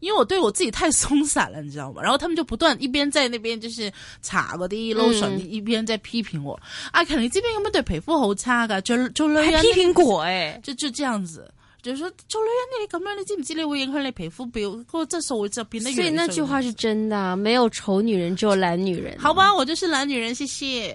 因為我對我自己太鬆散了，你知道嗎？然後他們就不斷一邊在那邊就是擦我的 lotion，一邊、嗯、在批評我。啊，看你這邊有沒有對皮膚好差的就就女人批評過哎，就就，就，就這樣子，就說做女人你咁樣，你，你進進知唔知你會影響你皮膚表嗰個質素就變得？所以那句話是真的，沒有醜女人，只有懶女人。好吧，我就是懶女人，謝謝。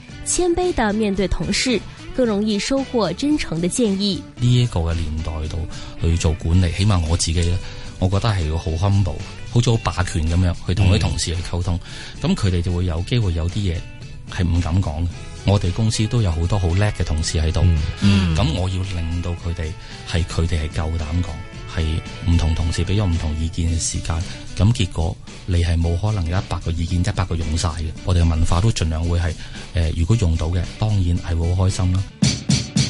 謙卑地面對同事，更容易收穫真誠的建議。呢、這、一個嘅年代度去做管理，起碼我自己咧，我覺得係要好 humble，好似好霸權咁樣去同啲同事去溝通，咁佢哋就會有機會有啲嘢係唔敢講嘅。我哋公司都有好多好叻嘅同事喺度，咁、嗯、我要令到佢哋係佢哋係夠膽講。係唔同同事俾咗唔同意見嘅時間，咁結果你係冇可能一百個意見一百個用晒嘅。我哋嘅文化都盡量會係，誒、呃，如果用到嘅，當然係會好開心啦。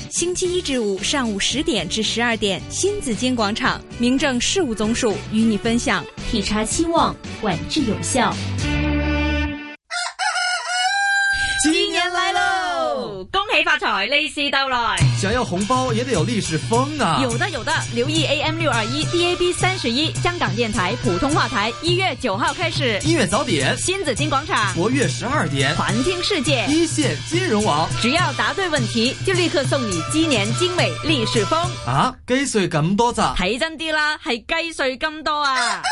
星期一至五上午十點至十二點，新紫荊廣場民政事務總署與你分享，體察期望，管制有效。發財，利是到來。想要紅包也得有利是封啊！有的有的，留意 AM 六二一 DAB 三十一香港電台普通話台，一月九號開始音樂早點。新紫金廣場，國樂十二點，環聽世界，一線金融網。只要答對問題，就立刻送你雞年精美利是封啊！雞碎咁多咋？睇真啲啦，係雞碎咁多啊！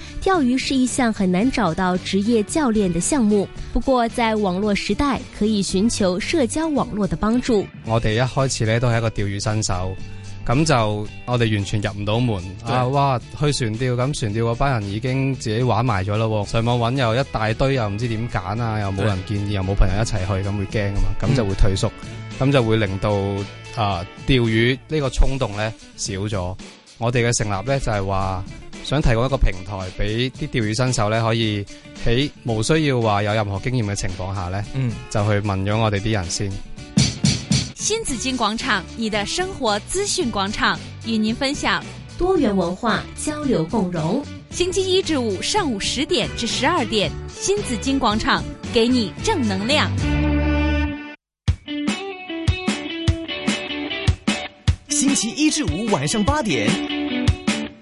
釣魚是一項很難找到職業教練的項目，不過在網絡時代，可以尋求社交網絡的幫助。我哋一開始咧都係一個釣魚新手，咁就我哋完全入唔到門啊！哇，去船釣咁船釣嗰班人已經自己玩埋咗咯，上網搵又一大堆又，又唔知點揀啊，又冇人建議，又冇朋友一齊去，咁會驚啊嘛，咁就會退縮，咁、嗯、就會令到啊釣魚呢個衝動咧少咗。我哋嘅成立咧就係、是、話。想提供一個平台俾啲釣魚新手咧，可以喺無需要話有任何經驗嘅情況下咧、嗯，就去問咗我哋啲人先。新紫荊廣場，你的生活資訊廣場，與您分享多元文化交流共融。星期一至五上午十點至十二點，新紫荊廣場給你正能量。星期一至五晚上八點。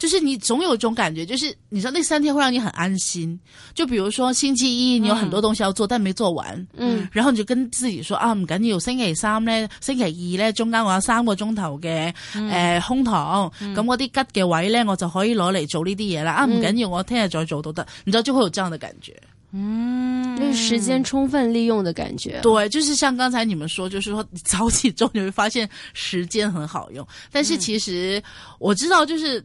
就是你總有一種感覺，就是你知道那三天會讓你很安心。就比如說星期一你有很多東西要做，嗯、但沒做完，嗯，然後你就跟自己說啊，唔緊要，星期三呢，星期二呢，中間我有三個鐘頭嘅呃空堂，咁嗰啲吉嘅位呢，我就可以攞嚟做呢啲嘢啦。啊，唔緊要，我聽日再做都得。你知道就會有這樣的感覺，嗯，就時間充分利用的感覺。對，就是像剛才你們說，就是說你早起鐘你會發現時間很好用，但是其實我知道就是。嗯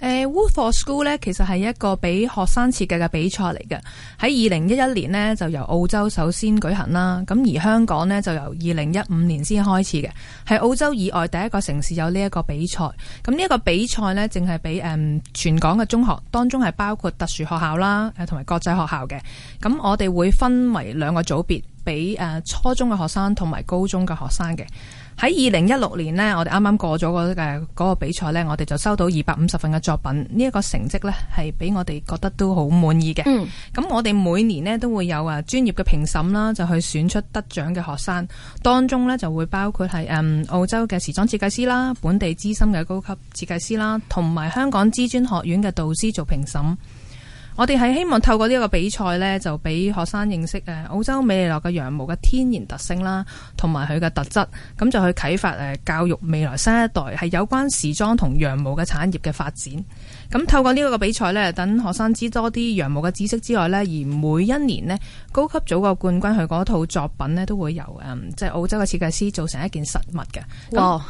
誒、uh，Wood for School 咧，其實係一個俾學生設計嘅比賽嚟嘅。喺二零一一年呢，就由澳洲首先舉行啦。咁而香港呢，就由二零一五年先開始嘅，喺澳洲以外第一個城市有呢一個比賽。咁呢一個比賽呢，淨係俾誒全港嘅中學當中係包括特殊學校啦，誒同埋國際學校嘅。咁我哋會分為兩個組別，俾誒、啊、初中嘅學生同埋高中嘅學生嘅。喺二零一六年呢，我哋啱啱過咗嗰個比賽呢，我哋就收到二百五十份嘅作品，呢、這、一個成績呢，係俾我哋覺得都好滿意嘅。咁、嗯、我哋每年呢都會有啊專業嘅評審啦，就去選出得獎嘅學生，當中呢就會包括係嗯澳洲嘅時裝設計師啦，本地資深嘅高級設計師啦，同埋香港資專學院嘅導師做評審。我哋係希望透過呢一個比賽呢，就俾學生認識誒澳洲美利樂嘅羊毛嘅天然特性啦，同埋佢嘅特質，咁就去啟發誒教育未來新一代係有關時裝同羊毛嘅產業嘅發展。咁透過呢個比賽呢，等學生知多啲羊毛嘅知識之外呢，而每一年呢，高級組嘅冠軍佢嗰套作品呢，都會由誒即係澳洲嘅設計師做成一件實物嘅。哦，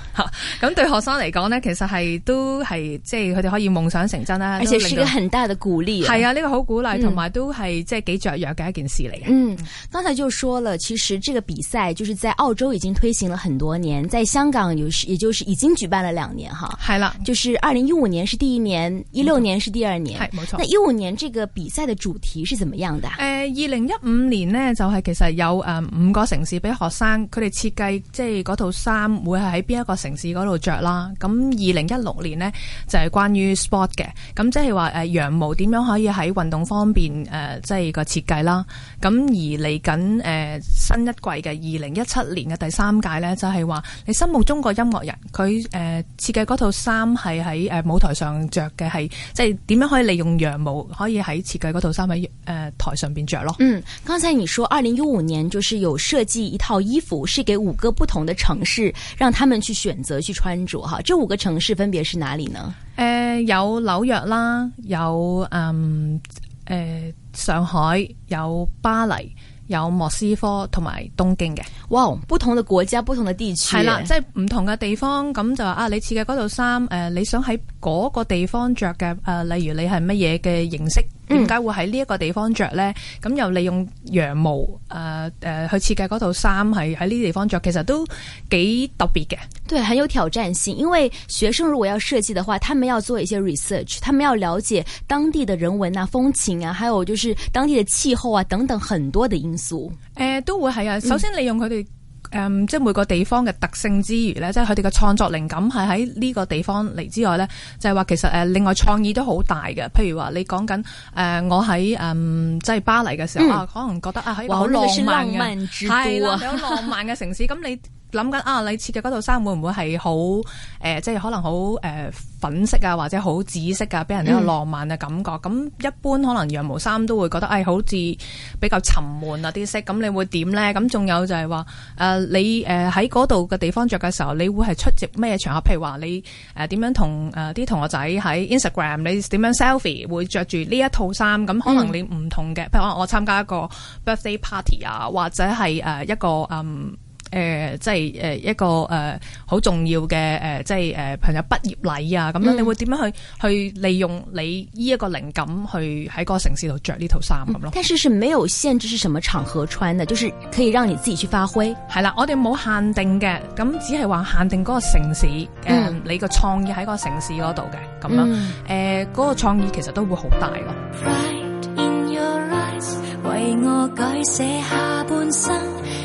咁對學生嚟講呢，其實係都係即係佢哋可以夢想成真啦，而且係一個很大的鼓勵。係啊，呢個好鼓勵，同、嗯、埋都係即係幾雀躍嘅一件事嚟。嗯，剛才就說了，其實這個比賽就是在澳洲已經推行了很多年，在香港有時也就是已經舉辦了兩年哈。係啦，就是二零一五年是第一年。一六年是第二年，係、嗯、冇錯。那一五年，這個比賽的主題是怎麼樣的？誒、呃，二零一五年呢就係、是、其實有誒五、呃、個城市俾學生佢哋設計，即係嗰套衫會係喺邊一個城市嗰度着啦。咁二零一六年呢就係、是、關於 sport 嘅，咁即係話誒羊毛點樣可以喺運動方面誒即係個設計啦。咁而嚟緊誒新一季嘅二零一七年嘅第三屆呢就係、是、話你心目中個音樂人佢誒、呃、設計嗰套衫係喺誒舞台上着嘅。係即係點樣可以利用羊毛，可以喺設計嗰套衫喺誒台上邊着咯。嗯，剛才你說二零一五年就是有設計一套衣服，是給五個不同的城市，讓他們去選擇去穿着哈。這五個城市分別是哪裏呢？誒、呃，有紐約啦，有嗯誒、呃、上海，有巴黎。有莫斯科同埋東京嘅，哇，wow，不同嘅國家，不同嘅地區，係啦，即係唔同嘅地方，咁就話啊，你設計嗰套衫，誒、呃，你想喺嗰個地方着嘅，誒、呃，例如你係乜嘢嘅形式？點解會喺呢一個地方着咧？咁又利用羊毛誒誒去設計嗰套衫，係喺呢啲地方着，其實都幾特別嘅。對，很有挑戰性。因為學生如果要設計的話，他們要做一些 research，他們要了解當地的人文啊、風情啊，還有就是當地的氣候啊等等很多的因素。誒、呃，都會係啊。首先利用佢哋、嗯。誒、嗯，即係每個地方嘅特性之餘咧，即係佢哋嘅創作靈感係喺呢個地方嚟之外咧，就係、是、話其實誒、呃，另外創意都好大嘅。譬如話你講緊誒、呃，我喺誒、呃，即係巴黎嘅時候、嗯、啊，可能覺得、哎、啊，喺好浪漫嘅，係啦，有浪漫嘅城市咁 你諗緊啊！你設計嗰套衫會唔會係好誒，即、呃、係、就是、可能好誒、呃、粉色啊，或者好紫色啊，俾人一個浪漫嘅感覺？咁、嗯、一般可能羊毛衫都會覺得誒、哎，好似比較沉悶啊，啲色。咁你會點咧？咁仲有就係話誒，你誒喺嗰度嘅地方着嘅時候，你會係出席咩場合？譬如話你誒點、呃、樣同誒啲同學仔喺 Instagram，你點樣 selfie 會穿着住呢一套衫？咁可能你唔同嘅、嗯，譬如我參加一個 birthday party 啊，或者係誒一個、嗯誒、呃，即係誒、呃、一個誒好、呃、重要嘅誒、呃，即係誒朋友畢業禮啊！咁、嗯、你會點樣去去利用你呢一個靈感去喺個城市度着呢套衫咁咯？但是是沒有限制，是什麼場合穿的，就是可以讓你自己去發揮。係啦，我哋冇限定嘅，咁只係話限定嗰個城市。嗯呃、你個創意喺個城市嗰度嘅，咁樣嗰、嗯呃嗰個創意其實都會好大咯。Eyes，為我改寫下半生。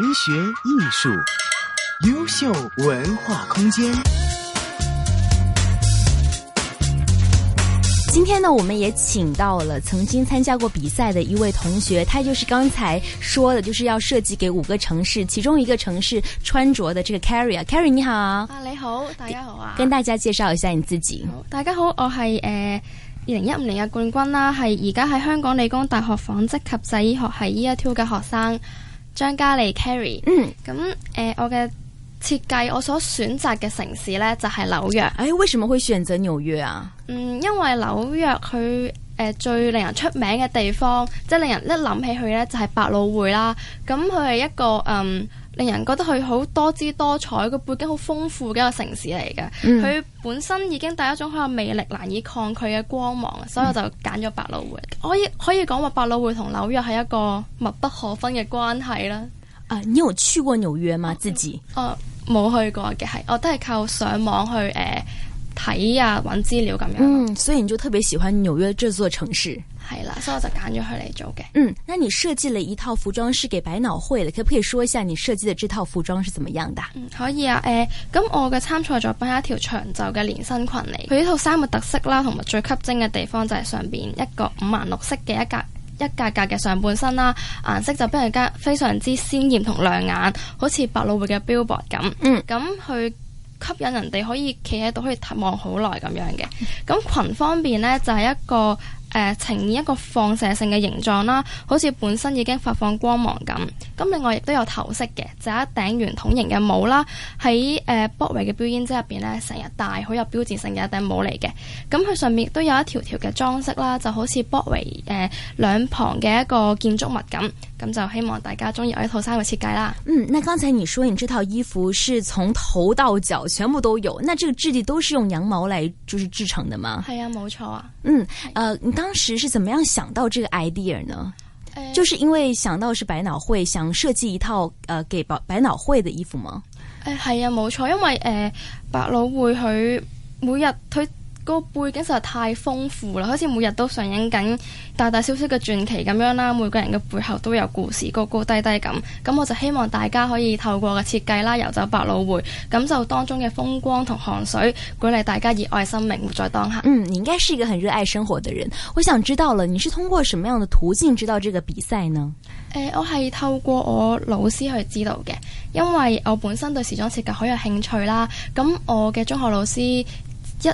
文學藝術，優秀文化空間。今天呢，我們也請到了曾經參加過比賽的一位同學，他就是剛才說的，就是要設計給五個城市，其中一個城市穿着的這個 Carrie 啊，Carrie 你好啊，你好，大家好啊，跟大家介紹一下你自己。大家好，我係誒二零一五年嘅冠軍啦，啊，係而家喺香港理工大學紡織及製衣學系 year two 嘅學生。張嘉莉、Carrie 咁誒、嗯呃，我嘅設計我所選擇嘅城市咧就係、是、紐約。誒、哎，為什麼會選擇紐約啊？嗯，因為紐約佢誒、呃、最令人出名嘅地方，即係令人一諗起佢咧就係、是、百老匯啦。咁佢係一個嗯。令人覺得佢好多姿多彩，個背景好豐富嘅一個城市嚟嘅，佢、嗯、本身已經帶一種好有魅力、難以抗拒嘅光芒、嗯，所以我就揀咗百老匯。可以可以講話，百老匯同紐約係一個密不可分嘅關係啦。啊，你有去過紐約嗎？自己？我、啊、冇去過嘅，係我都係靠上網去誒睇、呃、啊，搵資料咁樣。嗯，所以你就特別喜歡紐約這座城市。係啦，所以我就揀咗佢嚟做嘅。嗯，那你設計了一套服裝，是給百老匯嘅，可唔可以說一下你設計嘅這套服裝是怎麼樣的？的嗯，可以啊。誒、呃，咁我嘅參賽作品係一條長袖嘅連身裙嚟。佢呢套衫嘅特色啦，同埋最吸睛嘅地方就係上邊一個五顏六色嘅一格一格格嘅上半身啦，顏色就比較加非常之鮮艷同亮眼，好似百老匯嘅 b b i l o billboard 咁。嗯，咁、嗯、去吸引人哋可以企喺度可以望好耐咁樣嘅。咁裙方面呢，就係、是、一個。呃、呈現一個放射性嘅形狀啦，好似本身已經發放光芒咁。咁另外亦都有頭飾嘅，就一頂圓筒形嘅帽啦。喺誒 Bowie 嘅表演即入邊咧，成、呃、日戴好有標誌性嘅一頂帽嚟嘅。咁佢上面亦都有一條條嘅裝飾啦，就好似 Bowie 兩旁嘅一個建築物咁。咁就希望大家中意我呢套衫嘅設計啦。嗯，那剛才你 show 完之後，衣服、褲從頭到腳全部都有，那這個質地都是用羊毛嚟，就是製成的嘛？係啊，冇錯啊。嗯，誒、呃。嗯當時是怎麼樣想到這個 idea 呢？呃、就是因為想到是百腦匯，想設計一套呃給百百腦匯的衣服嗎？誒、呃，係啊，冇錯，因為誒百腦匯佢每日佢，個背景實在太豐富啦，好似每日都上映緊大大小小嘅傳奇咁樣啦。每個人嘅背後都有故事，高高低低咁。咁我就希望大家可以透過嘅設計啦，游走百老匯，感受當中嘅風光同汗水，鼓勵大家熱愛生命活在當下。嗯，你應該是一個很熱愛生活的人，我想知道了，你是通過什麼樣的途徑知道這個比賽呢？誒、呃，我係透過我老師去知道嘅，因為我本身對時裝設計好有興趣啦。咁我嘅中學老師一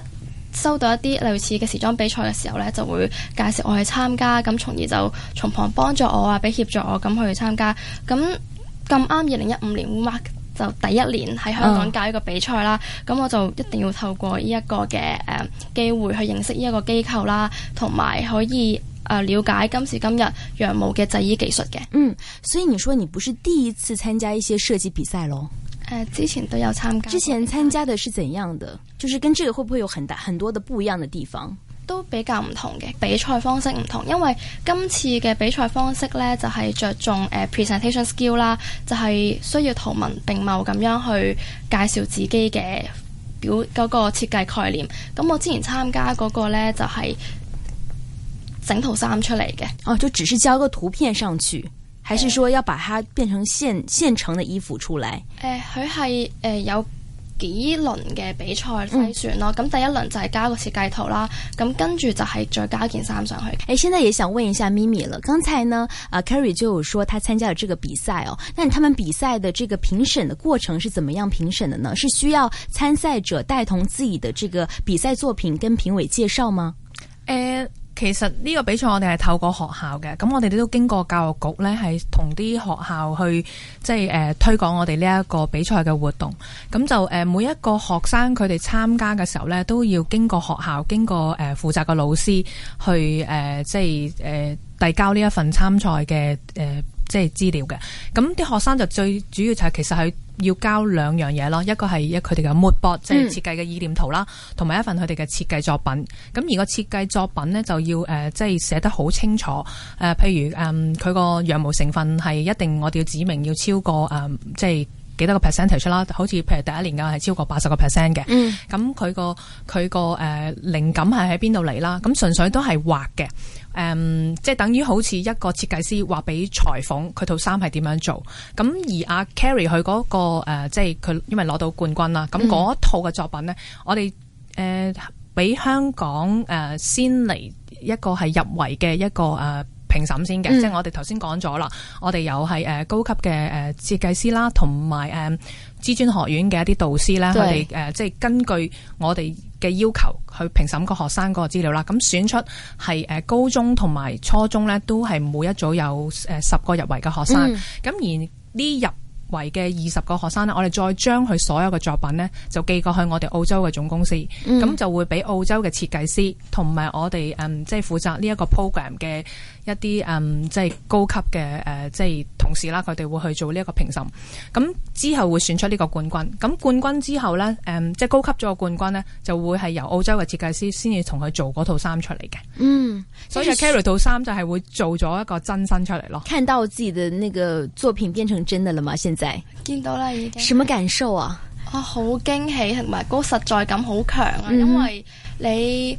收到一啲類似嘅時裝比賽嘅時候呢，就會介紹我去參加，咁從而就從旁幫助我啊，俾協助我咁去參加。咁咁啱，二零一五年 Woolmark 就第一年喺香港搞一個比賽啦。咁、哦、我就一定要透過呢一個嘅誒機會去認識呢一個機構啦，同埋可以誒瞭解今時今日羊毛嘅製衣技術嘅。嗯，所以你說你不是第一次參加一些設計比賽咯？誒，之前都有參加。之前參加的是怎樣的？就是跟這個會不會有很大很多的不一樣的地方？都比較唔同嘅比賽方式唔同，因為今次嘅比賽方式呢，就係、是、着重誒、uh, presentation skill 啦，就係需要圖文並茂咁樣去介紹自己嘅表、嗰個設計概念。咁我之前參加嗰個呢，就係、是、整套衫出嚟嘅。哦、啊，就只是交個圖片上去。還是說要把它變成現現成的衣服出來？誒、呃，佢係誒有幾輪嘅比賽篩選咯。咁、嗯、第一輪就係加個設計圖啦，咁跟住就係再加件衫上去。誒、欸，現在也想問一下咪咪了。剛才呢，啊，Carrie 就有說他參加了這個比賽哦。那他們比賽的這個評審的過程是怎麼樣評審的呢？是需要參賽者帶同自己的這個比賽作品跟評委介紹嗎？誒、欸。其實呢個比賽我哋係透過學校嘅，咁我哋都經過教育局呢係同啲學校去即係誒推廣我哋呢一個比賽嘅活動。咁就誒、呃、每一個學生佢哋參加嘅時候呢，都要經過學校，經過誒負、呃、責嘅老師去誒、呃、即係誒遞交呢一份參賽嘅誒。呃即係資料嘅，咁啲學生就最主要就係其實係要交兩樣嘢咯，一個係一佢哋嘅 moodboard 即係設計嘅意念圖啦，同、嗯、埋一份佢哋嘅設計作品。咁而個設計作品咧就要即係寫得好清楚誒、呃，譬如誒佢個羊毛成分係一定我哋要指明要超過誒、呃、即係幾多個 percent 提出啦，好似譬如第一年嘅係超過八十個 percent 嘅。咁佢個佢個誒靈感係喺邊度嚟啦？咁純粹都係畫嘅。誒、um，即係等於好似一個設計師話俾裁縫佢套衫係點樣做，咁而阿 Carrie 佢嗰、嗰個、呃、即係佢因為攞到冠軍啦，咁、嗯、嗰套嘅作品咧，我哋誒俾香港誒、呃、先嚟一個係入圍嘅一個誒。呃評審先嘅、嗯，即係我哋頭先講咗啦，我哋有係誒高級嘅誒設計師啦，同埋誒資專學院嘅一啲導師啦。佢哋誒即係根據我哋嘅要求去評審個學生嗰個資料啦，咁選出係誒高中同埋初中咧都係每一組有誒十個入圍嘅學生，咁、嗯、而呢入圍嘅二十個學生咧，我哋再將佢所有嘅作品咧就寄過去我哋澳洲嘅總公司，咁、嗯、就會俾澳洲嘅設計師同埋我哋誒即係負責呢一個 program 嘅。一啲嗯，即係高級嘅誒，即係同事啦，佢哋會去做呢一個評審，咁之後會選出呢個冠軍。咁冠軍之後咧，誒、嗯、即係高級咗個冠軍咧，就會係由澳洲嘅設計師先至同佢做嗰套衫出嚟嘅。嗯，所以 Carrie 套衫就係會做咗一個真身出嚟咯。看到我自己的那個作品變成真的了嘛？現在見到啦，已經。什麼感受啊？我、哦、好驚喜，同埋嗰實在感好強啊、嗯，因為你。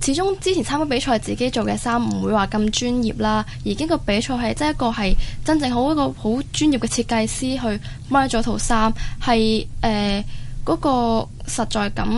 始終之前參加比賽自己做嘅衫唔會話咁專業啦，而經過比賽係真一個係真正好一個好專業嘅設計師去 make 咗套衫，係誒嗰個實在感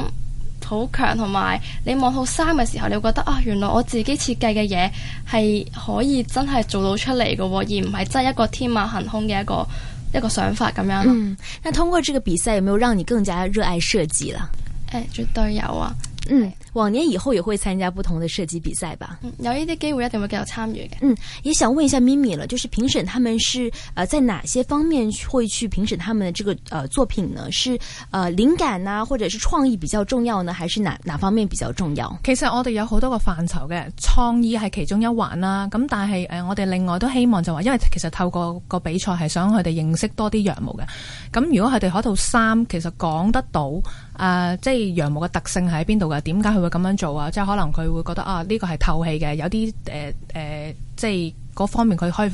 好強，同埋你望套衫嘅時候，你會覺得啊，原來我自己設計嘅嘢係可以真係做到出嚟㗎，而唔係真係一個天馬行空嘅一個一個想法咁樣咯。嗯，咁通過呢個比賽，有沒有讓你更加熱愛設計啦？誒、呃，絕對有啊！嗯，往年以後也會參加不同的設計比賽吧？嗯、有呢啲機會一定會繼續參與嘅。嗯，也想問一下咪咪了，就是評審他們是、呃，在哪些方面會去評審他們嘅這個、呃，作品呢？是，誒、呃、靈感啊，或者是創意比較重要呢？還是哪哪方面比較重要？其實我哋有好多個範疇嘅，創意係其中一環啦、啊。咁但係，誒、呃、我哋另外都希望就話，因為其實透過個比賽係想佢哋認識多啲羊毛嘅。咁如果佢哋嗰套衫其實講得到。啊、呃，即係羊毛嘅特性喺邊度噶？點解佢會咁樣做啊？即係可能佢會覺得啊，呢、這個係透氣嘅，有啲誒誒，即係嗰方面佢可以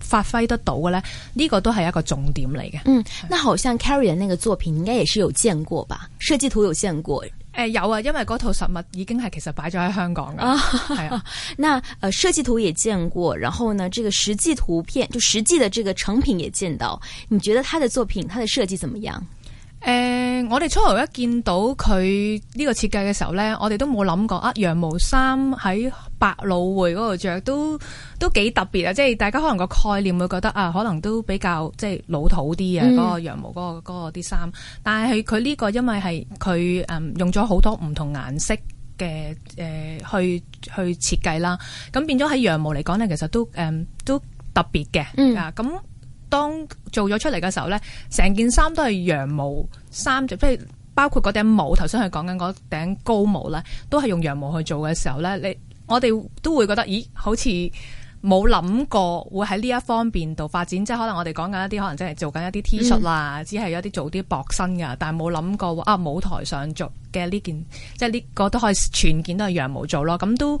發揮得到嘅咧。呢、這個都係一個重點嚟嘅。嗯，那好像 Carrie 嘅那個作品，應該也是有見過吧？設計圖有見過。誒、呃，有啊，因為嗰套實物已經係其實擺咗喺香港嘅，係啊。啊 那誒，設、呃、計圖也見過，然後呢，這個實際圖片，就實際的這個成品也見到。你覺得他的作品，他的設計怎麼樣？誒、呃，我哋初頭一見到佢呢個設計嘅時候咧，我哋都冇諗過啊，羊毛衫喺百老匯嗰度着都都幾特別啊！即係大家可能個概念會覺得啊，可能都比較即係老土啲啊，嗰、嗯嗰個羊毛嗰、嗰個嗰、嗰個啲衫。但係佢呢個因為係佢誒用咗好多唔同顏色嘅誒、呃、去去設計啦，咁變咗喺羊毛嚟講咧，其實都誒、嗯、都特別嘅、嗯、啊！咁。當做咗出嚟嘅時候呢，成件衫都係羊毛衫，即係包括嗰頂帽。頭先佢講緊嗰頂高帽呢，都係用羊毛去做嘅時候呢，你我哋都會覺得，咦，好似冇諗過會喺呢一方面度發展。即係可能我哋講緊一啲，可能真係做緊一啲 T 恤啦，只係有啲做啲薄身㗎。但係冇諗過啊，舞台上做嘅呢件，即係呢個都可以全件都係羊毛做咯。咁都。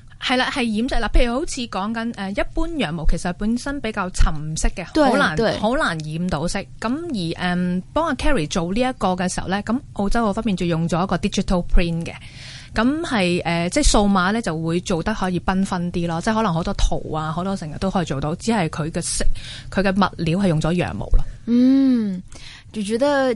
係啦，係染色啦。譬如好似講緊誒，一般羊毛其實本身比較沉色嘅，好難好難染到色。咁而誒，幫阿 Carrie 做呢一個嘅時候咧，咁澳洲嗰方面就用咗一個 digital print 嘅，咁係誒，即係數碼咧就會做得可以繽紛啲咯，即係可能好多圖啊，好多成日都可以做到，只係佢嘅色，佢嘅物料係用咗羊毛啦。嗯，就覺得。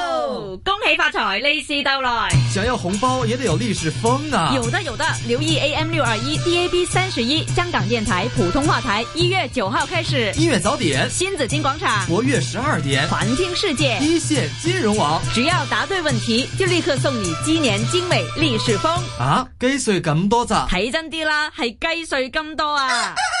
恭喜發財，利是到來！想要紅包也得有利是封啊！有的有的，留意 AM 六二一 DAB 三十一香港電台普通話台，一月九號開始，音樂早點，新紫金廣場，國樂十二點，環聽世界一線金融網，只要答對問題就立刻送你雞年精美利是封啊！雞碎咁多咋？睇真啲啦，係雞碎咁多啊！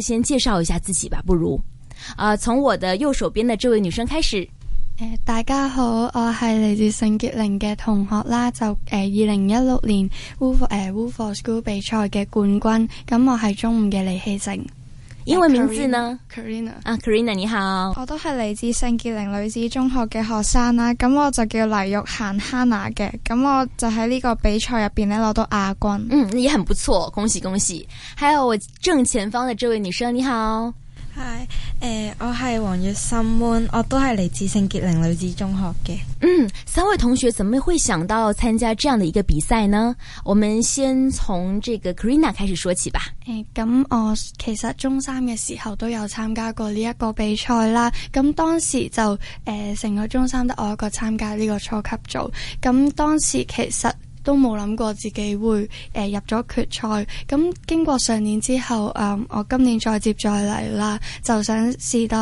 先介紹一下自己吧，不如，呃，從我的右手邊的這位女生開始。呃，大家好，我係嚟自聖傑靈嘅同學啦，就誒二零一六年烏誒烏 for school 比賽嘅冠軍，咁我係中五嘅李希靜。因為名字呢？Karina 啊 Karina、ah，Karina 你好，我都係嚟自聖潔靈女子中學嘅學生啦。咁我就叫黎玉嫻哈 a 嘅，咁我就喺呢個比賽入邊咧攞到亞軍。嗯，也很不錯，恭喜恭喜！還有我正前方的這位女生，你好。係誒，我係黃月心，我都係嚟自聖傑靈女子中學嘅。嗯，三位同學怎麼會想到參加這樣的一個比賽呢？我們先從這個 Karina 開始說起吧。誒，咁我其實中三嘅時候都有參加過呢一個比賽啦。咁當時就誒、成、呃、個中三得我一個參加呢個初級組。咁當時其實。都冇諗過自己會、呃、入咗決賽，咁經過上年之後、呃，我今年再接再厲啦，就想試多、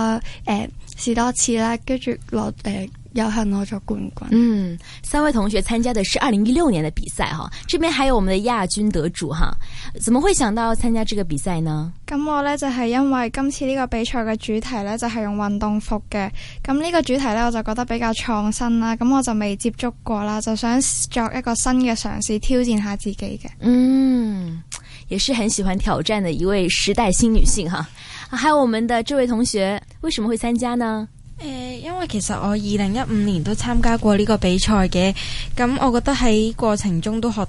呃、試多次啦，跟住落地。有幸攞咗冠軍。嗯，三位同學參加的是二零一六年的比賽哈、啊，這邊還有我們的亞軍得主哈、啊，怎麼會想到參加這個比賽呢？咁我呢，就係因為今次呢個比賽嘅主題呢，就係用運動服嘅，咁呢個主題呢，我就覺得比較創新啦，咁我就未接觸過啦，就想作一個新嘅嘗試，挑戰下自己嘅。嗯，也是很喜歡挑戰的一位時代新女性哈、啊。還有我們的這位同學，為什麼會參加呢？誒，因為其實我二零一五年都參加過呢個比賽嘅，咁我覺得喺過程中都學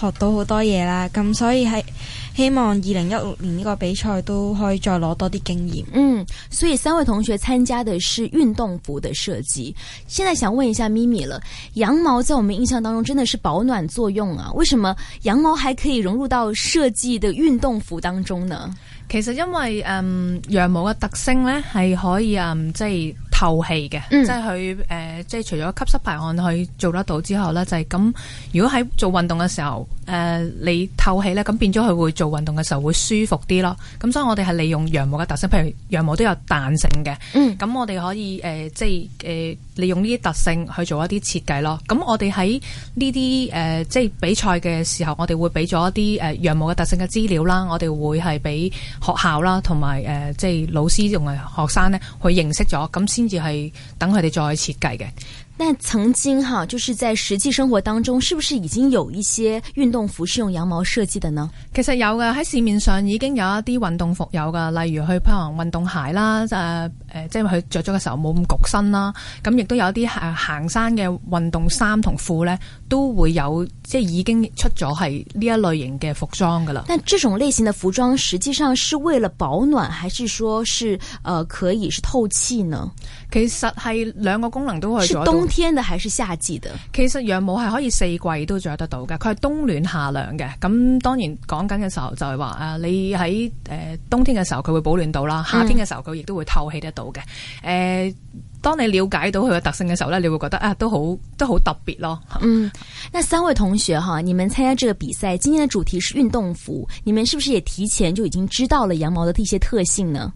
學到好多嘢啦，咁所以喺希望二零一六年呢個比賽都可以再攞多啲經驗。嗯，所以三位同學參加的是運動服的設計，現在想問一下咪咪了，羊毛在我們印象當中真的是保暖作用啊，為什麼羊毛還可以融入到設計的運動服當中呢？其實因為誒羊毛嘅特性咧，係可以啊、嗯，即係透氣嘅，即係佢誒，即係除咗吸濕排汗去做得到之後咧，就係、是、咁。如果喺做運動嘅時候。誒、呃，你透氣咧，咁變咗佢會做運動嘅時候會舒服啲咯。咁所以我哋係利用羊毛嘅特性，譬如羊毛都有彈性嘅。嗯，咁我哋可以誒、呃，即係誒、呃，利用呢啲特性去做一啲設計咯。咁我哋喺呢啲誒，即係比賽嘅時候，我哋會俾咗一啲誒、呃、羊毛嘅特性嘅資料啦。我哋會係俾學校啦，同埋誒，即係老師同埋學生咧去認識咗，咁先至係等佢哋再去設計嘅。但曾經哈，就是在實際生活當中，是不是已經有一些運動服是用羊毛設計的呢？其實有㗎，喺市面上已經有一啲運動服有㗎，例如去拍行運動鞋啦，誒、呃、誒、呃，即係佢着咗嘅時候冇咁焗身啦，咁、嗯、亦都有啲、呃、行山嘅運動衫同褲咧，都會有。即係已經出咗係呢一類型嘅服裝噶啦。但這種類型嘅服裝實際上是為咗保暖，還是說是，呃，可以是透氣呢？其實係兩個功能都可以。冬天嘅，還是夏季嘅？其實羊毛係可以四季都着得到嘅，佢係冬暖夏涼嘅。咁當然講緊嘅時候就係話啊，你喺誒冬天嘅時候佢會保暖到啦，夏天嘅時候佢亦都會透氣得到嘅。誒。當你了解到佢嘅特性嘅時候咧，你會覺得啊，都好都好特別咯。嗯，那三位同學哈，你們參加這個比賽，今天的主題是運動服，你們是不是也提前就已經知道了羊毛的啲一些特性呢？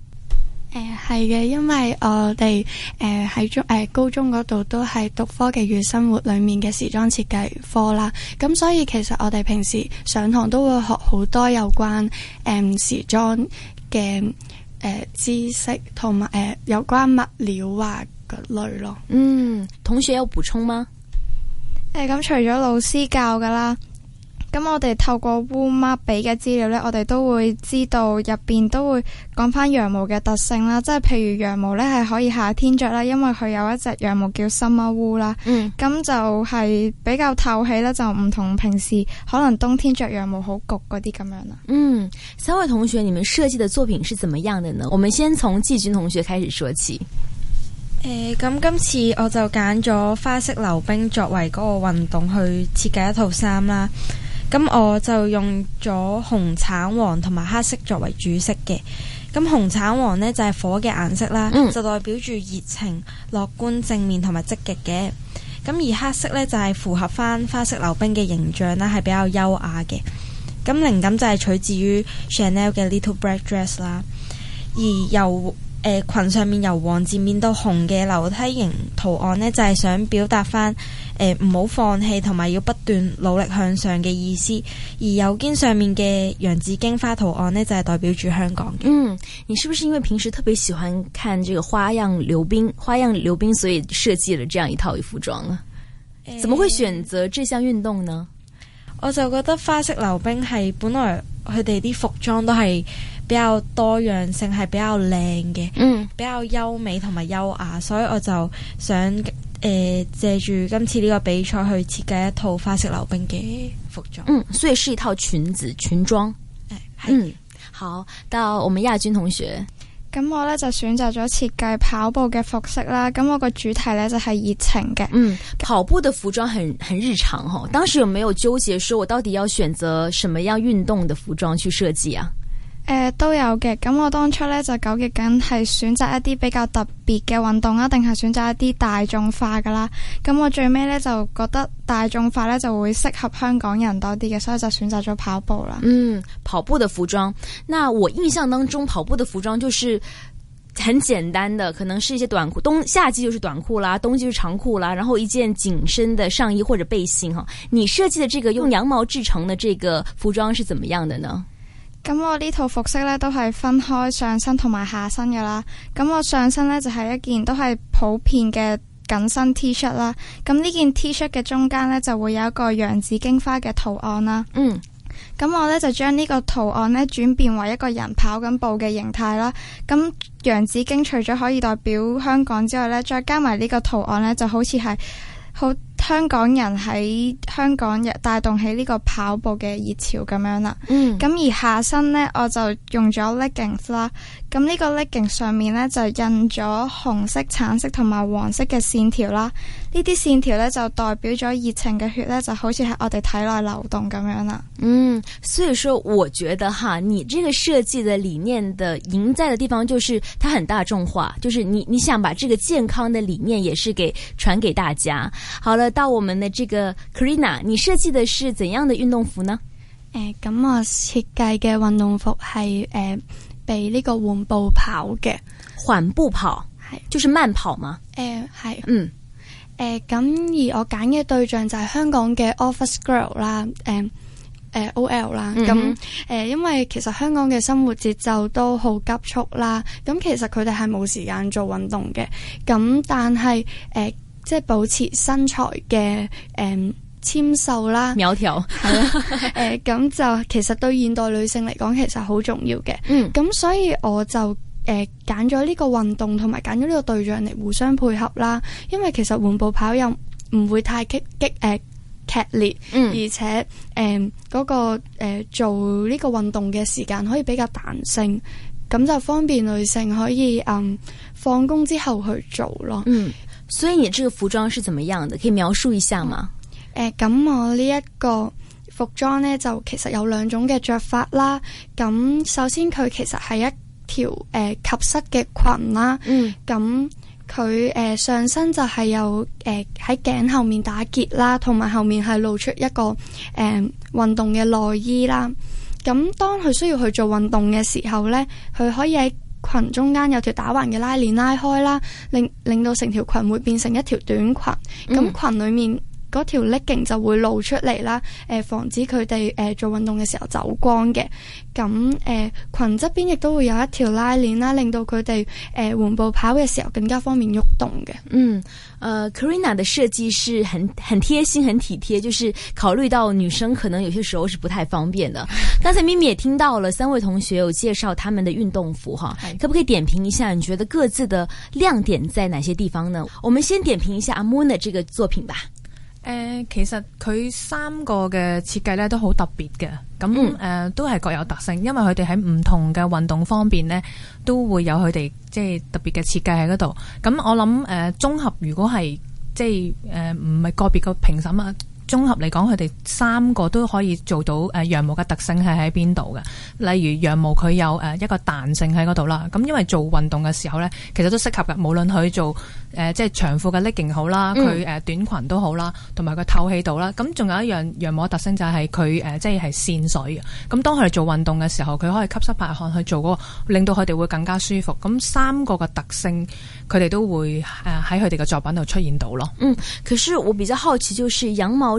誒、呃，係嘅，因為我哋誒喺中誒、呃、高中嗰度都係讀科技與生活裏面嘅時裝設計科啦，咁所以其實我哋平時上堂都會學好多有關誒、呃、時裝嘅誒知識，同埋誒有關物料啊。類、嗯、咯，嗯，同學有補充嗎？誒，咁除咗老師教噶啦，咁我哋透過烏媽俾嘅資料呢，我哋都會知道入邊都會講翻羊毛嘅特性啦，即係譬如羊毛呢係可以夏天着啦，因為佢有一隻羊毛叫 summer 烏啦，嗯，咁就係比較透氣啦，就唔同平時可能冬天着羊毛好焗嗰啲咁樣啦。嗯，三位同學，你們設計嘅作品是怎麼樣的呢？我們先從季軍同學開始說起。咁、欸、今次我就揀咗花式溜冰作為嗰個運動去設計一套衫啦。咁我就用咗紅、橙、黃同埋黑色作為主色嘅。咁紅、橙、黃呢，就係、是、火嘅顏色啦、嗯，就代表住熱情、樂觀、正面同埋積極嘅。咁而黑色呢，就係、是、符合翻花式溜冰嘅形象啦，係比較優雅嘅。咁靈感就係取自於 Chanel 嘅 Little Black Dress 啦，而又。誒、呃，裙上面由黃漸變到紅嘅樓梯形圖案呢，就係、是、想表達翻誒唔好放棄，同埋要不斷努力向上嘅意思。而右肩上面嘅洋紫荊花圖案呢，就係、是、代表住香港嘅。嗯，你是不是因為平時特別喜歡看這個花樣溜冰，花樣溜冰，所以設計了這樣一套服裝啊？怎麼會選擇這項運動呢、呃？我就覺得花式溜冰係本來佢哋啲服裝都係。比較多樣性係比較靚嘅，嗯，比較優美同埋優雅，所以我就想誒借住今次呢個比賽去設計一套花式溜冰嘅服裝。嗯，所以是一套裙子裙裝。係，嗯，好，到我們亞軍同學，咁我咧就選擇咗設計跑步嘅服飾啦。咁我個主題咧就係熱情嘅。嗯，跑步嘅服裝很很日常哈。當時有沒有糾結說我到底要選擇什麼樣運動的服裝去設計啊？誒、呃，都有嘅。咁我當初咧就糾結緊係選擇一啲比較特別嘅運動啊，定係選擇一啲大眾化噶啦。咁我最尾咧就覺得大眾化咧就會適合香港人多啲嘅，所以就選擇咗跑步啦。嗯，跑步的服裝，那我印象當中跑步的服裝就是很簡單的，可能是一些短褲，冬夏季就是短褲啦，冬季就是長褲啦，然後一件緊身的上衣或者背心哈。你設計的這個用羊毛製成的這個服裝是怎麼樣的呢？咁我呢套服飾呢，都係分開上身同埋下身噶啦，咁我上身呢，就係、是、一件都係普遍嘅緊身 T 恤啦，咁呢件 T 恤嘅中間呢，就會有一個洋紫荊花嘅圖案啦。嗯，咁我呢，就將呢個圖案呢轉變為一個人跑緊步嘅形態啦，咁洋紫荊除咗可以代表香港之外呢，再加埋呢個圖案呢，就好似係好。香港人喺香港日帶動起呢個跑步嘅熱潮咁樣啦，咁、嗯、而下身咧，我就用咗 leggings 啦，咁呢個 leggings 上面咧，就印咗紅色、橙色同埋黃色嘅線條啦，這些呢啲線條咧，就代表咗熱情嘅血咧，就好似喺我哋體內流動咁樣啦。嗯，所以說我覺得哈，你這個設計的理念的贏在的地方就是它很大眾化，就是你你想把這個健康的理念也是給傳給大家。好了。到我們的這個 Karina 你設計的是怎樣的運動服呢？誒、呃，咁我設計嘅運動服係誒，俾、呃、呢個緩步跑嘅。緩步跑係，就是慢跑嘛，誒、呃，係，嗯，誒、呃，咁而我揀嘅對象就係香港嘅 office girl 啦、呃，誒、呃，誒，OL 啦、嗯，咁誒、呃，因為其實香港嘅生活節奏都好急促啦，咁其實佢哋係冇時間做運動嘅，咁但係誒。呃即係保持身材嘅，誒纖瘦啦，苗條係 啦、 嗯，誒咁，就其實對現代女性嚟講，其實好重要嘅。嗯，咁所以我就誒揀咗呢個運動，同埋揀咗呢個對象嚟互相配合啦。因為其實緩步跑又唔會太激激誒劇、呃、烈，嗯、而且誒嗰、嗯嗰個誒、呃、做呢個運動嘅時間可以比較彈性，咁就方便女性可以誒放工之後去做咯。嗯。所以你這個服裝是怎麼樣的？可以描述一下嗎？誒、呃，咁我呢一個服裝呢，就其實有兩種嘅着法啦。咁首先佢其實係一條誒、呃、及膝嘅裙啦。嗯。咁佢誒上身就係有誒喺頸後面打結啦，同埋後面係露出一個誒運、呃、動嘅內衣啦。咁當佢需要去做運動嘅時候呢，佢可以。喺。裙中間有條打橫嘅拉鏈拉開啦，令令到成條裙會變成一條短裙，咁、嗯、裙裏面。嗰條 legging 就會露出嚟啦，誒、呃，防止佢哋誒做運動嘅時候走光嘅。咁、嗯、誒、呃，裙側邊亦都會有一條拉鏈啦，令到佢哋誒緩步跑嘅時候更加方便喐動嘅。嗯，誒、呃、，Karina 嘅設計是很很貼心、很體貼，就是考慮到女生可能有些時候是不太方便嘅。剛才咪咪也聽到了三位同學有介紹他們的運動服哈，可唔可以點評一下？你覺得各自的亮點在哪些地方呢？我們先點評一下阿 Moon 這個作品吧。誒、呃，其實佢三個嘅設計咧都好特別嘅，咁誒、呃、都係各有特性，因為佢哋喺唔同嘅運動方面咧都會有佢哋即係特別嘅設計喺嗰度。咁我諗誒，綜、呃、合如果係即係誒唔係個別個評審啊。綜合嚟講，佢哋三個都可以做到誒羊毛嘅特性係喺邊度嘅。例如羊毛佢有誒一個彈性喺嗰度啦。咁因為做運動嘅時候咧，其實都適合嘅。無論佢做誒即係長褲嘅 legging 好啦，佢、嗯、短裙都好啦，同埋佢透氣度啦。咁仲有一樣羊毛嘅特性就係佢即係係線水嘅。咁當佢哋做運動嘅時候，佢可以吸濕排汗去做嗰、那個，令到佢哋會更加舒服。咁三個嘅特性，佢哋都會誒喺佢哋嘅作品度出現到咯。嗯，可是我比較好奇，就是羊毛。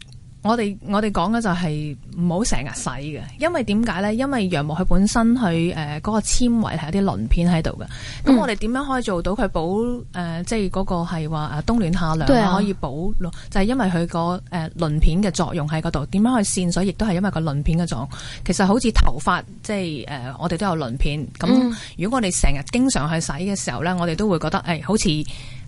我哋我哋講嘅就係唔好成日洗嘅，因為點解咧？因為羊毛佢本身佢誒嗰個纖維係有啲鱗片喺度嘅。咁、嗯、我哋點樣可以做到佢保誒即係嗰個係話冬暖夏涼、啊、可以保就係、是、因為佢個誒鱗片嘅作用喺嗰度。點樣去滲水亦都係因為個鱗片嘅作用。其實好似頭髮即係誒、呃、我哋都有鱗片。咁、嗯、如果我哋成日經常去洗嘅時候咧，我哋都會覺得誒、哎、好似。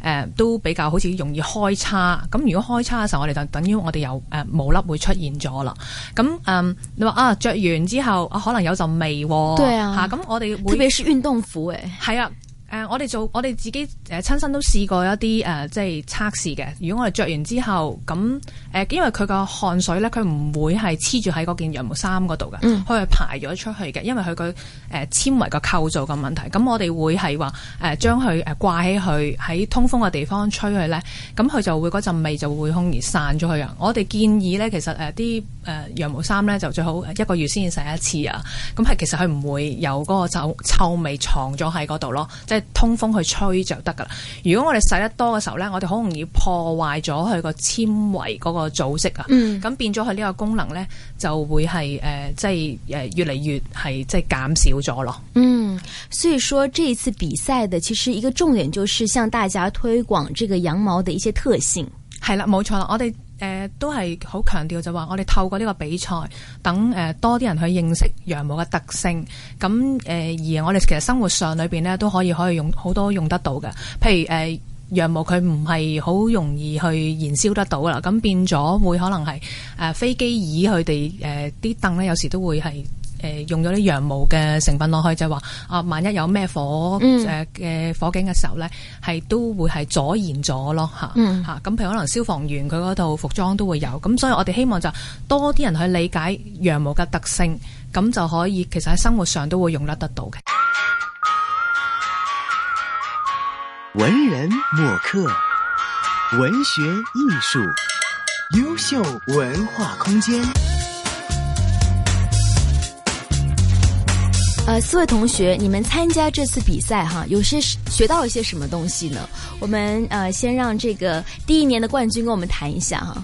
誒、呃、都比較好似容易開叉，咁如果開叉嘅時候，我哋就等於我哋有誒、呃、毛粒會出現咗啦。咁嗯、呃，你話啊著完之後啊，可能有陣味喎。對啊，嚇、啊、咁我哋，會特別是運動服誒、欸，係啊。誒、呃，我哋做我哋自己誒、呃、親身都試過一啲誒、呃，即係測試嘅。如果我哋着完之後，咁、呃、誒，因為佢個汗水咧，佢唔會係黐住喺嗰件羊毛衫嗰度嘅，佢、嗯、係排咗出去嘅。因為佢個誒纖維個構造嘅問題。咁、嗯、我哋會係話誒將佢誒、呃、掛起佢喺通風嘅地方吹佢咧，咁、嗯、佢就會嗰陣味就會空而散咗去啊。我哋建議咧，其實誒啲誒羊毛衫咧就最好一個月先洗一次啊。咁、嗯、係其實佢唔會有嗰個臭臭味藏咗喺嗰度咯，即係通風去吹就得噶啦。如果我哋洗得多嘅時候咧，我哋好容易破壞咗佢個纖維嗰個組織啊。咁、嗯、變咗佢呢個功能咧，就會係誒，即係誒，越嚟越係即係減少咗咯。嗯，所以說這一次比賽嘅其實一個重點就是向大家推廣這個羊毛的一些特性。係啦，冇錯啦，我哋。誒、呃、都係好強調就話、是，我哋透過呢個比賽，等誒、呃、多啲人去認識羊毛嘅特性。咁誒、呃、而我哋其實生活上裏邊呢，都可以可以用好多用得到嘅，譬如誒、呃、羊毛佢唔係好容易去燃燒得到啦。咁變咗會可能係誒、呃、飛機椅佢哋誒啲凳咧，呃、有時都會係。誒、呃、用咗啲羊毛嘅成分落去，就係、是、話啊，萬一有咩火誒嘅、嗯呃、火警嘅時候咧，係都會係阻燃咗咯吓嚇。咁、嗯啊、譬如可能消防員佢嗰套服裝都會有，咁所以我哋希望就多啲人去理解羊毛嘅特性，咁就可以其實喺生活上都會用得得到嘅。文人墨客，文學藝術，優秀文化空間。呃，四位同學，你們參加這次比賽哈，有些學到一些什麼東西呢？我們呃，先讓這個第一年的冠軍跟我們談一下哈。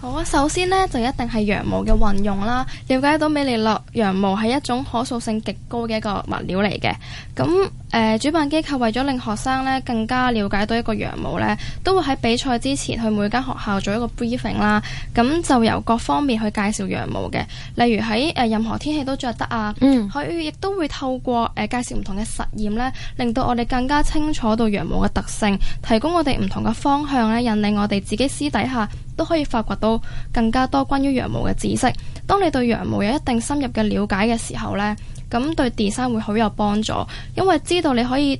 好啊，首先呢，就一定係羊毛嘅運用啦。了解到美利諾羊毛係一種可塑性極高嘅一個物料嚟嘅，咁。誒、呃，主辦機構為咗令學生咧更加了解到一個羊毛咧，都會喺比賽之前去每間學校做一個 briefing 啦。咁就由各方面去介紹羊毛嘅，例如喺、呃、任何天氣都着得啊。嗯。佢亦都會透過、呃、介紹唔同嘅實驗咧，令到我哋更加清楚到羊毛嘅特性，提供我哋唔同嘅方向咧，引領我哋自己私底下都可以發掘到更加多關於羊毛嘅知識。當你對羊毛有一定深入嘅了解嘅時候咧。咁對 design 會好有幫助，因為知道你可以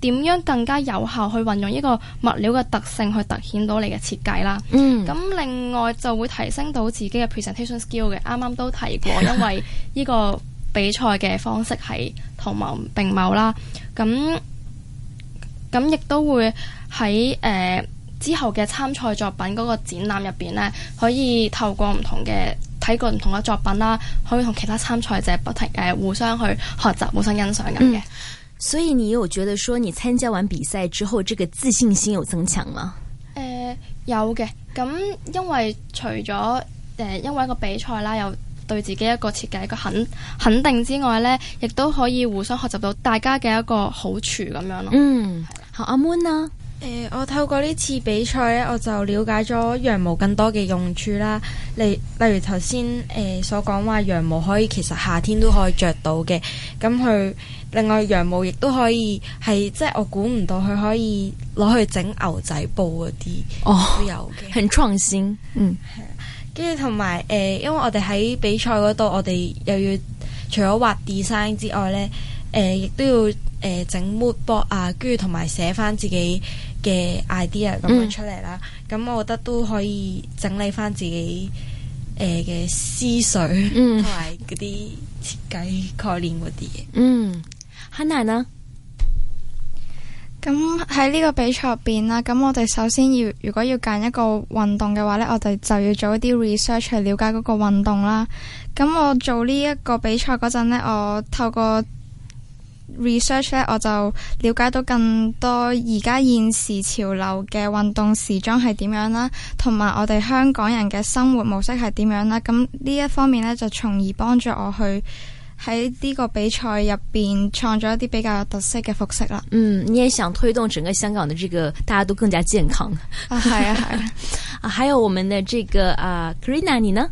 點樣更加有效去運用一個物料嘅特性去突顯到你嘅設計啦。咁、mm. 另外就會提升到自己嘅 presentation skill 嘅，啱啱都提過，因為呢個比賽嘅方式係同埋並茂啦。咁咁亦都會喺、呃、之後嘅參賽作品嗰個展覽入面呢，可以透過唔同嘅。睇過唔同嘅作品啦，可以同其他參賽者不停誒、呃、互相去學習、互相欣賞咁嘅。所以你有覺得，說你參加完比賽之後，這個自信心有增強嗎？誒、呃，有嘅。咁因為除咗誒、呃，因為一個比賽啦，又對自己一個設計一個肯肯定之外呢，亦都可以互相學習到大家嘅一個好處咁樣咯。嗯，好，阿 Moon 啊。誒、呃，我透過呢次比賽咧，我就了解咗羊毛更多嘅用處啦。例例如頭先誒所講話，羊毛可以其實夏天都可以着到嘅。咁佢另外羊毛亦都可以係即係我估唔到佢可以攞去整牛仔布嗰啲哦，oh，都有嘅，很創新。嗯，係啊。跟住同埋誒，因為我哋喺比賽嗰度，我哋又要除咗畫 design 之外咧，誒、呃、亦都要誒整、呃、mood board 啊，跟住同埋寫翻自己。嘅 idea 咁樣出嚟啦，咁、嗯、我覺得都可以整理翻自己誒嘅、呃、思緒，同埋嗰啲設計概念嗰啲嘢。嗯，很難啦、啊。咁喺呢個比賽入邊啦，咁我哋首先要如果要揀一個運動嘅話咧，我哋就要做一啲 research 去了解嗰個運動啦。咁我做呢一個比賽嗰陣咧，我透過 research 咧，我就了解到更多而家現時潮流嘅運動時裝係點樣啦，同埋我哋香港人嘅生活模式係點樣啦。咁呢一方面咧，就從而幫助我去喺呢個比賽入邊創作一啲比較有特色嘅服飾啦。嗯，你也想推動整個香港的這個，大家都更加健康啊？係啊係啊，啊，還有我們的這個啊，uh，Karina，你呢？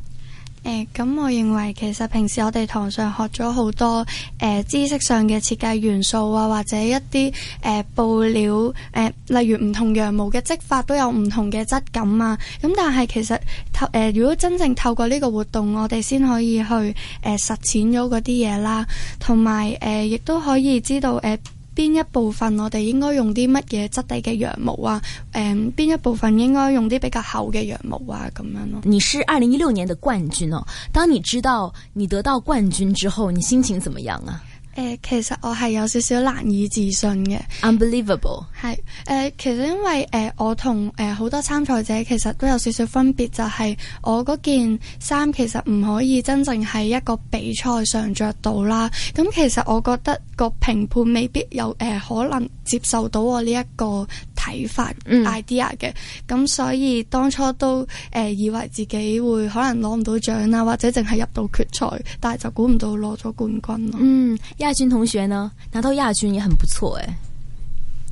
誒、嗯，咁我認為其實平時我哋堂上學咗好多誒、呃、知識上嘅設計元素啊，或者一啲誒、呃、布料誒、呃，例如唔同羊毛嘅織法都有唔同嘅質感啊。咁、嗯、但係其實透誒、呃，如果真正透過呢個活動，我哋先可以去誒、呃、實踐咗嗰啲嘢啦，同埋誒亦都可以知道誒。呃邊一部分我哋應該用啲乜嘢質地嘅羊毛啊？誒、嗯，邊一部分應該用啲比較厚嘅羊毛啊？咁樣咯。你是二零一六年的冠軍哦！當你知道你得到冠軍之後，你心情怎麼樣啊？誒，其實我係有少少難以置信嘅，unbelievable 係誒、呃，其實因為誒、呃、我同誒好多參賽者其實都有少少分別，就係、是、我嗰件衫其實唔可以真正喺一個比賽上着到啦。咁其實我覺得個評判未必有誒、呃、可能接受到我呢、這、一個。睇法、嗯、idea 嘅，咁所以當初都誒、呃、以為自己會可能攞唔到獎啊，或者淨係入到決賽，但係就估唔到攞咗冠軍咯。嗯，亞軍同學呢，拿到亞軍也很不錯誒、欸。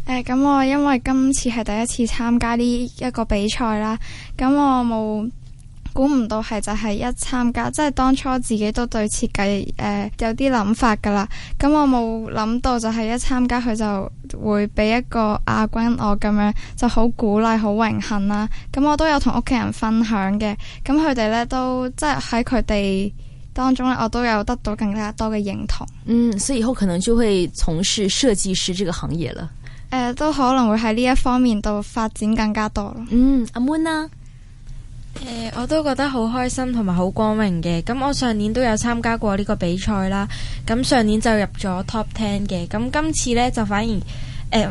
誒、呃，咁我因為今次係第一次參加呢一個比賽啦，咁我冇。估唔到係就係一參加，即係當初自己都對設計誒有啲諗法噶啦。咁我冇諗到就係一參加佢就會俾一個亞軍我咁樣，就好鼓勵，好榮幸啦、啊。咁我都有同屋企人分享嘅，咁佢哋咧，都即係喺佢哋當中咧，我都有得到更加多嘅認同。嗯，所以以後可能就會從事設計師這個行業啦。誒、呃，都可能會喺呢一方面度發展更加多咯。嗯，阿 Moon 啊。呃、我都覺得好開心同埋好光榮嘅。咁我上年都有參加過呢個比賽啦。咁上年就入咗 Top Ten 嘅。咁今次呢，就反而誒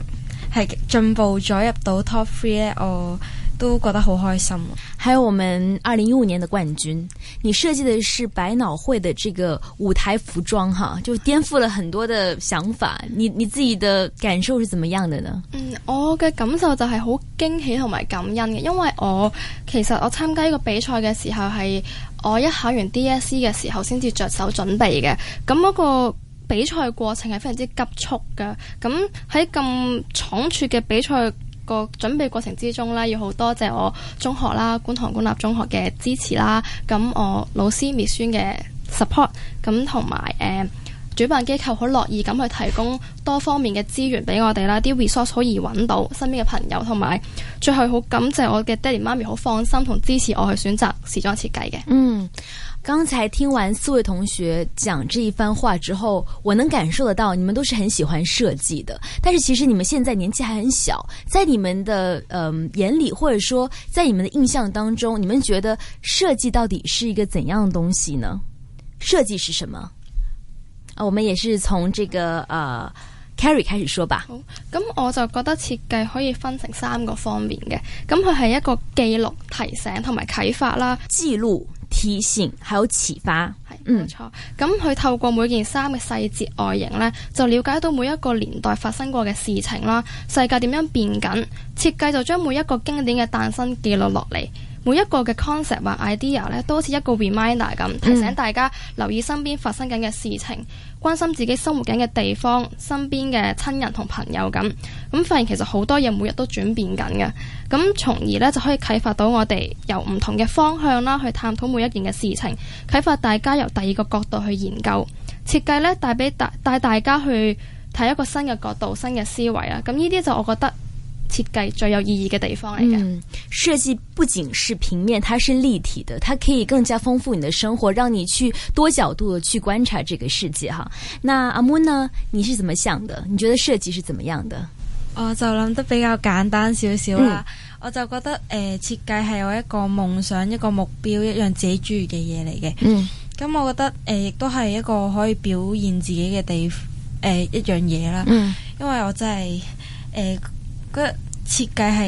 係進步咗入到 Top Three 呢。我都覺得好開心。還有我們二零一五年的冠軍，你設計的是百腦匯的這個舞台服裝，哈，就顛覆了很多的想法。你你自己的感受是怎麼樣的呢？嗯，我嘅感受就係好驚喜同埋感恩嘅，因為我其實我參加呢個比賽嘅時候係我一考完 DSE 嘅時候先至着手準備嘅。咁嗰個比賽過程係非常之急促嘅。咁喺咁倉促嘅比賽，個準備過程之中呢，要好多謝我中學啦，觀塘官立中學嘅支持啦，咁我老師 Miss Yuen 嘅 support，咁同埋誒主辦機構好樂意咁去提供多方面嘅資源俾我哋啦，啲 resource 好易揾到，身邊嘅朋友同埋最後好感謝我嘅爹哋媽咪，好放心同支持我去選擇時裝設計嘅。嗯。剛才聽完四位同學講這一番話之後，我能感受得到你們都是很喜歡設計的。但是其實你們現在年紀還很小，在你們的嗯、呃、眼裏，或者說在你們的印象當中，你們覺得設計到底是一個怎樣的東西呢？設計是什麼？啊，我們也是從這個呃，Carrie 開始說吧。好，咁我就覺得設計可以分成三個方面嘅，咁佢係一個記錄、提醒同埋啟發啦、記錄。體現係好持化，係冇錯。咁佢、嗯、透過每件衫嘅細節外形咧，就了解到每一個年代發生過嘅事情啦，世界點樣變緊，設計就將每一個經典嘅誕生記錄落嚟。每一個嘅 concept 或 idea 咧，都好似一個 reminder 咁，提醒大家留意身邊發生緊嘅事情，嗯、關心自己生活緊嘅地方、身邊嘅親人同朋友咁。咁發現其實好多嘢每日都轉變緊嘅，咁從而咧就可以啟發到我哋由唔同嘅方向啦，去探討每一件嘅事情，啟發大家由第二個角度去研究設計咧，帶俾大帶大家去睇一個新嘅角度、新嘅思維啊！咁呢啲就我覺得。設計最有意義嘅地方嚟嘅，嗯，設計不僅是平面，它是立體的，它可以更加豐富你的生活，讓你去多角度的去觀察這個世界。哈，那阿 Moon 呢？你是怎麼想的？你覺得設計是怎麼樣的？我就諗得比較簡單少少啦、嗯，我就覺得誒，設計係有一個夢想、一個目標、一樣自己鍾意嘅嘢嚟嘅。嗯，咁、嗯、我覺得誒，亦都係一個可以表現自己嘅地誒、呃，一樣嘢啦。嗯，因為我真係誒。呃設計係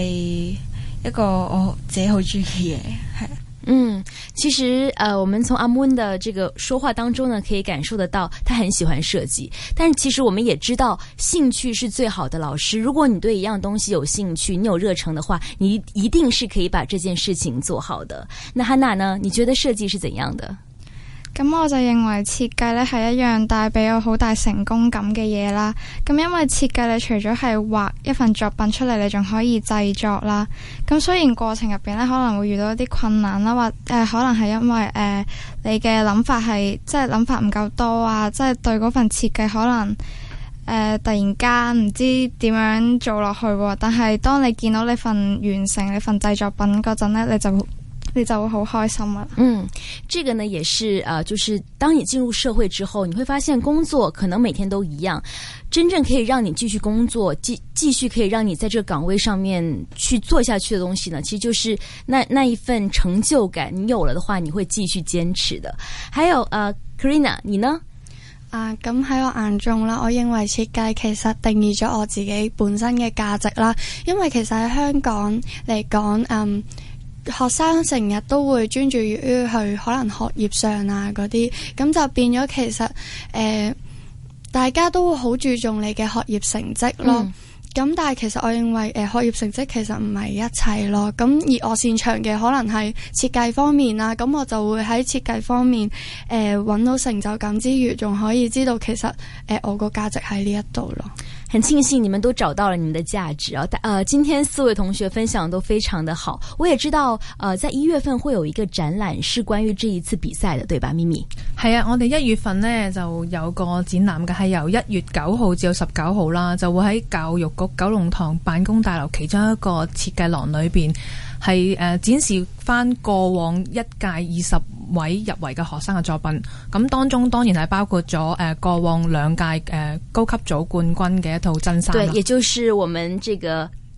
一個我自己好中意嘅，係嗯，其實呃，我們從阿 moon 的這個說話當中呢，可以感受得到，他很喜歡設計。但其實我們也知道，興趣是最好的老師。如果你對一樣東西有興趣，你有熱誠的話，你一定是可以把這件事情做好的。那 Hannah 呢？你覺得設計是怎樣的？咁我就認為設計呢係一樣帶俾我好大成功感嘅嘢啦。咁因為設計你除咗係畫一份作品出嚟，你仲可以製作啦。咁雖然過程入邊呢可能會遇到一啲困難啦，或誒、呃、可能係因為誒、呃、你嘅諗法係即係諗法唔夠多啊，即係對嗰份設計可能誒、呃、突然間唔知點樣做落去。但係當你見到你份完成你份製作品嗰陣呢，你就。你就會好開心啊！嗯，這個呢也是，呃，就是當你進入社會之後，你會發現工作可能每天都一樣。真正可以讓你繼續工作、繼繼續可以讓你在這個崗位上面去做下去的東西呢，其實就是那那一份成就感。你有了的話，你會繼續堅持的。還有啊，Carina，呃，你呢？啊，咁喺我眼中啦，我認為設計其實定義咗我自己本身嘅價值啦，因為其實喺香港嚟講，嗯。學生成日都會專注於去可能學業上啊嗰啲，咁就變咗其實誒、呃，大家都會好注重你嘅學業成績咯。咁、嗯、但係其實我認為誒、呃，學業成績其實唔係一切咯。咁而我擅長嘅可能係設計方面啊，咁我就會喺設計方面誒搵、呃、到成就感之餘，仲可以知道其實誒、呃、我個價值喺呢一度咯。很慶幸你們都找到了你們的價值啊！呃，今天四位同學分享都非常的好，我也知道，呃，在一月份會有一個展覽是關於這一次比賽的，對吧，咪咪？係啊，我哋一月份呢就有個展覽嘅，係由一月九號至到十九號啦，就會喺教育局九龍塘辦公大樓其中一個設計廊裏邊。係誒、呃、展示翻過往一屆二十位入圍嘅學生嘅作品，咁當中當然係包括咗誒、呃、過往兩屆誒高級組冠軍嘅一套真衫啦。對，也就是我哋、這個